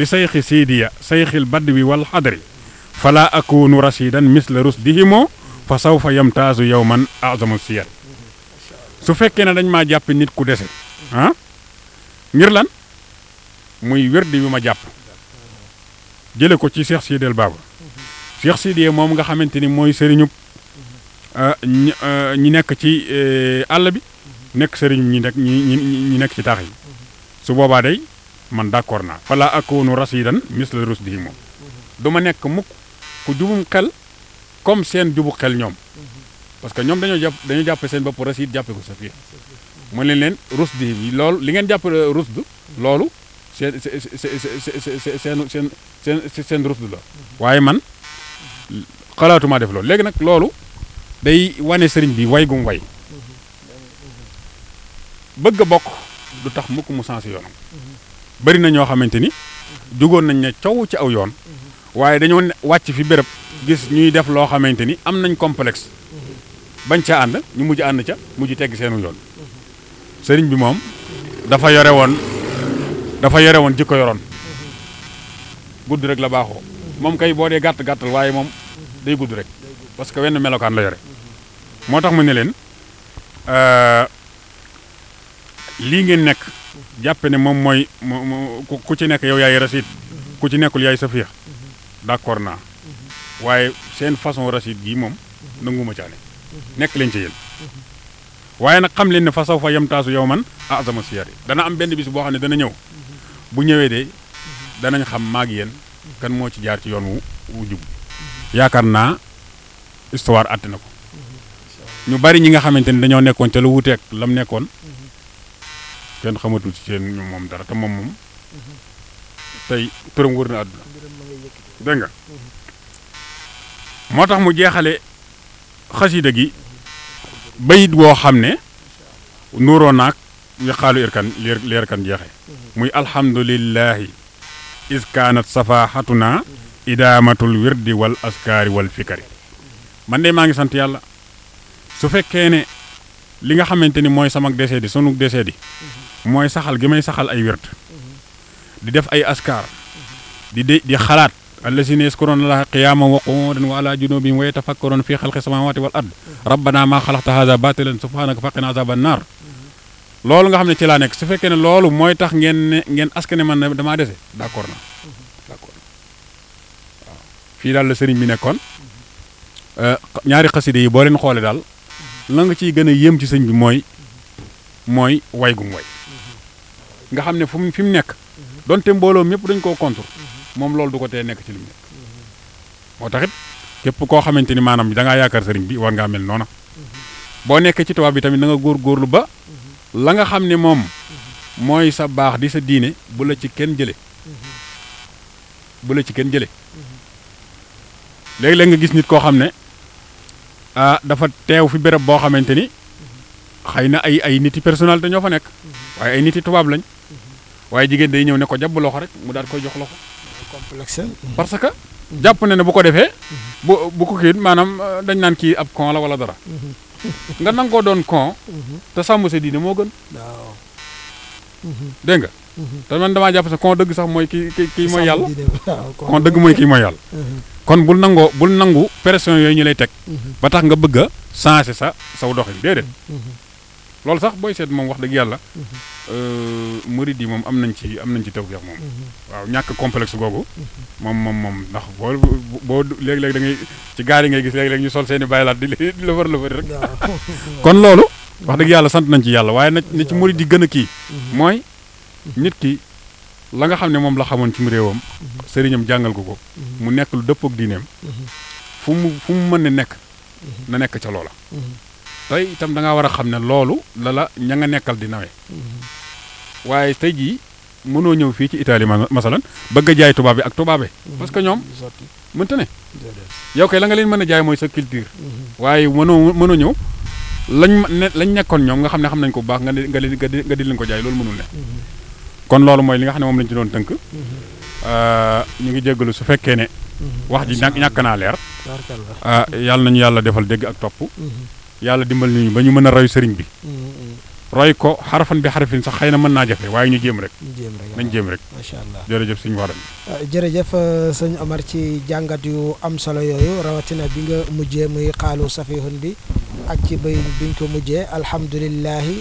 li sayxi siidiya sayxil badd badwi wal xadri fala akunu rasidan misla rusdihimoo fa sawfa yamtaasu yowman azamu siyat su fekkee ne dañ ma jàpp nit ku dese ah ngir lan muy wérdi bi ma jàpp jële ko ci Cheikh Sidel Baba Cheikh Sidel moom nga xamante ni mooy sëriñu ah, ah, ñi nekk ci eh, àll bi nekk sëriñu ñi nekk ñi ñi nekk ci taax yi su boobaa day man d'accord naa fala akoonu rasidan misla rusdihi moom mhm. du ma nekk mukk ku jubum xel comme seen jubu xel ñoom mhm. parce que ñoom dañoo jàpp dañoo jàppe seen bopp rasid jàppe ko safiih mu leen leen rusdihi loolu li ngeen jàpp euh, rusd mhm. loolu seen seen seen seen seen rusd la waaye man xalaatuma def loolu léegi nag loolu day wane sëriñ bi way gum way bëgg a bokk du tax mukk mu sens yoonam bari na ñoo xamante ni jugoon nañ ne coow ci aw yoon waaye dañoo wàcc fi béréb gis ñuy def loo xamante ni am nañ complexe bañ ca ànd ñu mujj ànd ca mujj tegg seenu yoon sëriñ bi moom dafa yore woon dafa yore woon jikko yoroon gudd rek la baaxoo moom kay boo dee gàtt gàttal waaye moom day gudd rek parce que wenn melokaan la yore moo tax mu ne leen euh, lii ngeen nekk jàppe ne moom mooy ku ci nekk yow yaay rasid ku ci nekkul yaay safiix d'accord naa waaye seen façon rasid gii moom nanguma caane nekk leen ci yéen waaye nag xam leen ne fa saw fa yemtaasu yow man azama yi dana am benn bis boo xam ne dana ñëw bu ñëwee de danañ xam maag yéen kan moo ci jaar ci yoon wu wu yaakaar naa histoire àtte na ko ñu bari ñi nga xamante ni dañoo nekkoon ca lu wuuteeg lam nekkoon kenn xamatul ci seen moom dara te moom moom tey turam wër na àdduna dégg mhm. moo tax mu jeexale xasida gi bayit woo xam ne nuuroo naag yaqaalu irkan leerkan jeexe mhm. muy alhamdulillahi is kaanat safahatuna mhm. idaamatul wirdi wal askaari wal fikari man de maa ngi sant yàlla su fekkee ne li nga xamante ni mooy samak desee di sunug mooy saxal gi may saxal ay wért di def ay askaar di di di xalaat allazina yaskuroona allaha qiyaaman wa qu'uudan wa ala junubihim wa yatafakkaruuna fi xalqi samawati wal ard rabbana maa xalaqta haza batilan subhanaka faqina azaban loolu nga xam ne ci laa nekk su fekkee ne loolu mooy tax ngeen ne ngeen askane man ne damaa dese d'accord na d'accord fii daal la sëriñ bi nekkoon euh, ñaari xaside yi boo leen xoole daal la nga ciy gën a yéem ci sëñ bi mooy mooy way gum way nga xam ne fu mu fi mu nekk donte mbooloo mépp dañ koo contre moom loolu du ko tee nekk ci li mu nekk moo taxit képp koo xamante ni maanaam da ngaa yaakaar sëriñ bi war ngaa mel noona boo nekkee ci tubaab bi tamit na nga góorgóorlu ba la nga xam ne moom mooy sa baax di sa diine bu la ci kenn jële bu la ci kenn jële léeg-léeg nga gis nit koo xam ne ah dafa teew fi béréb boo xamante ni xëy na ay ay nit yi personnalité ñoo fa nekk waaye ay nit tubaab lañ waaye jigéen day ñëw ne ko jàpp loxo rek mu daal koy jox loxo. complexe mm-hmm. parce que jàpp na ne bu ko defee. Mm-hmm. bu bu ko kii maanaam euh, dañ naan kii ab con la wala dara. Mm-hmm. nga nang doon con. te sàmm sa diine moo gën. waaw. dégg nga. te man damaa jàpp sa kon dëgg sax mooy kii kii kii mooy yàlla kon dëgg mooy kii mooy yàlla kon bul nangoo bul nangu pression yooyu ñu lay teg ba tax nga bëgg a changer sa saw doxin déedéet loolu sax booy seet moom wax dëgg yàlla. morit mhm. euh, yi moom am nañ ci am nañ ci tawfeex moom. Mhm. waaw ñàkk complexe googu. Mhm. moom moom moom ndax boo boo léeg-léeg da ngay ci gaar yi ngay gis léegi léeg ñu sol seen i bàyyilaat di lëfër lëfër rek. kon loolu. wax dëgg yàlla sant nañ ci yàlla waaye na ci murid yi gën a kii. mooy nit ki la nga xam ne moom la xamoon ci réewam. sëriñam jàngal ko ko. mu nekk lu dëppoo ak diineem. fu mu fu mu mën a nekk. na nekk ca loola. tey itam da ngaa war a xam ne loolu la la ña nga nekkal di nawe waaye tey jii mënoo ñëw fii ci Italie masalan bëgg a jaay tubaab bi ak tubaabe mm-hmm. parce que ñoom mënta ne yow la nga leen mën a jaay mooy sa culture mm-hmm. waaye mënoo mënoo ñëw lañ ne lañ nekkoon ñoom nga xam ne xam nañ ko bu baax nga nga leen nga di leen ko jaay loolu mënul ne mm-hmm. kon loolu mooy li nga xam ne moom lañ ci doon tënk euh, ñu ngi jéggalu su fekkee ne wax ji ñàkk naa leer euh, yàlla ñu yàlla defal dégg ak topp yàlla dimbal ñu ba ñu mën a roy sëriñ bi mm, mm. roy ko xarafan bi xarafin sax xëy na mën naa jafe waaye ñu jéem rek nañ jéem rek macha allah jërëjëf sëñ Waran ah, jërëjëf euh, sëñ Omar ci jàngat yu am solo yooyu rawatina bi nga mujjee muy xaalu safihun bi ak ci ba bi nga ko mujjee alhamdulilahi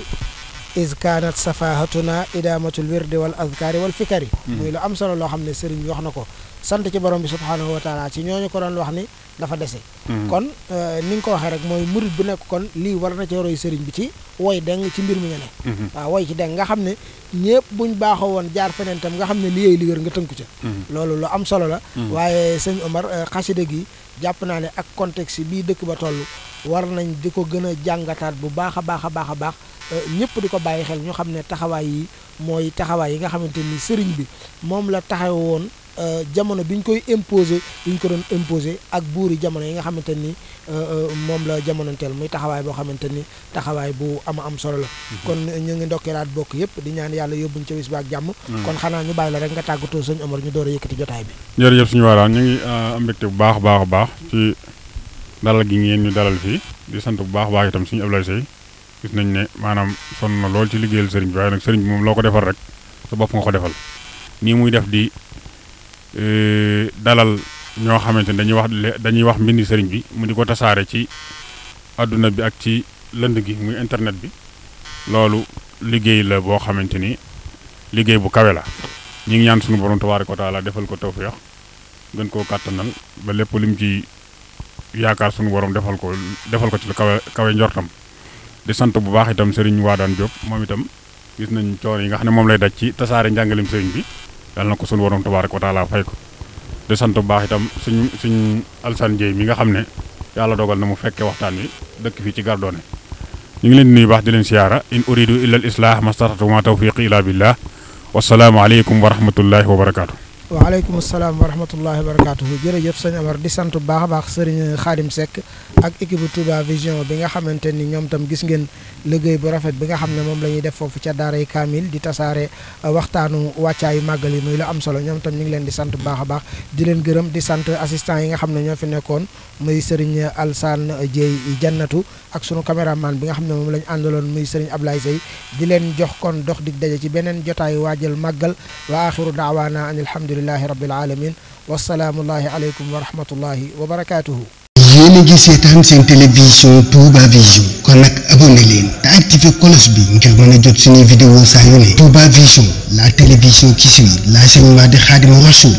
is kaanat safahatuna idaamatul wirdi wal azkaari wal fikari hmm. muy lu am solo loo xam ne sëriñ bi wax na ko sant ci borom bi subhaanahu wa taala ci ñooñu ko doon wax ni dafa dese hmm. kon eh, ni nga ko waxee rek mooy murit bu nekk kon lii war na ci roy sëriñ bi ci woy deng ci mbir mi nga ne waaw hmm. ah, woy ci deng nga xam ne ñëpp buñ baaxoo woon jaar feneen tam nga xam ne li li wér nga tënku ca loolu lu am solo la waaye sëñ Omar eh, xasida gi jàpp naa ne ak contexte bii dëkk ba toll war nañ di ko gën a jàngataat bu baax a baax a baax a baax Euh, ñëpp di ko bàyyi xel ñu xam ne taxawaay yi mooy taxawaay yi nga xamante ni sëriñ bi moom la taxaw woon euh, jamono bi ñu koy imposé bi ñu ko doon imposé ak buuri jamono yi nga xamante ni euh, moom la jamononteel muy taxawaay boo xamante ni taxawaay bu ama am solo la. Mhm. kon ñu ngi ndokkeelaat bokk yëpp di ñaan yàlla yóbbuñ ca wis ba ak jàmm. Mhm. kon xanaa ñu bàyyi la rek nga tàggatoo sëñ Omar ñu door a yëkkati jotaay bi. jërëjëf suñu waaraan ñu ngi am mbégte baax a baax a baax ci dalal gi ngeen ñu dalal fii di sant bu baax a baax itam suñu Ablaye Seye gis nañ ne maanaam sonn na lool ci liggéeyal sëriñ bi waaye nag sëriñ bi moom loo ko defal rek sa bopp nga ko defal nii muy def di e, dalal ñoo xamante ne dañuy wax dañuy wax mbindi sëriñ bi mu di ko tasaare ci àdduna bi ak ci lënd gi muy internet bi loolu liggéey la boo xamante ni liggéey bu kawe la ñu ñaan suñu borom tabaaraka wa taala defal ko tew tawfeex gën koo kàttanal ba lépp lim ci yaakaar suñu borom defal ko defal ko ci lu kawe kawe njortam di sant bu baax itam sëriñ daan Diop moom itam gis nañ coono yi nga xam ne moom lay daj ci tasaare njàngalim sëriñ bi yàlla na ko suñu borom tabaaraka wa taala fay ko di sant bu baax itam suñu suñu Alsaan Jéy mi nga xam ne yàlla dogal na mu fekkee waxtaan wi dëkk fii ci Gardone ñu ngi leen di nuyu baax di leen siyaara in uridu illa al islah mastatatu ma tawfiqi illa billah wasalaamu aleykum wa rahmatullahi wa barakaatu waaleykum salaam wa rahmatullahi wa barakaatuhu jërëjëf sëñ Amar di sant bu baax a baax sëriñ Xaadim Seck ak équipe Touba Vision bi nga xamante ni ñoom tam gis ngeen liggéey bu rafet bi nga xam ne moom la ñuy def foofu ca daaray kaamil di tasaare uh, waxtaanu wàccaayu màggal yi muy lu am solo ñoom tam ñu ngi leen di sant bu baax a baax di leen gërëm di sant assistant yi nga xam ne ñoo fi nekkoon muy sëriñ Alsaan Jeey Jannatu ak sunu caméraman bi nga xam ne moom la ñu àndaloon muy sëriñ ab Sey di leen jox kon dox dig daje ci beneen jotaayu waajal màggal alhamdulilahi rabbil alamin wasalaamullahi aleykum wa rahmatullahi wa barakatuhu yéen a ngi seetaan seen télévision Touba Vision kon nag abonné leen te activé cloche bi ngir mën a jot suñuy vidéo saa yu ne Touba Vision la télévision qui suit l'enseignement de Khadimou Rassoul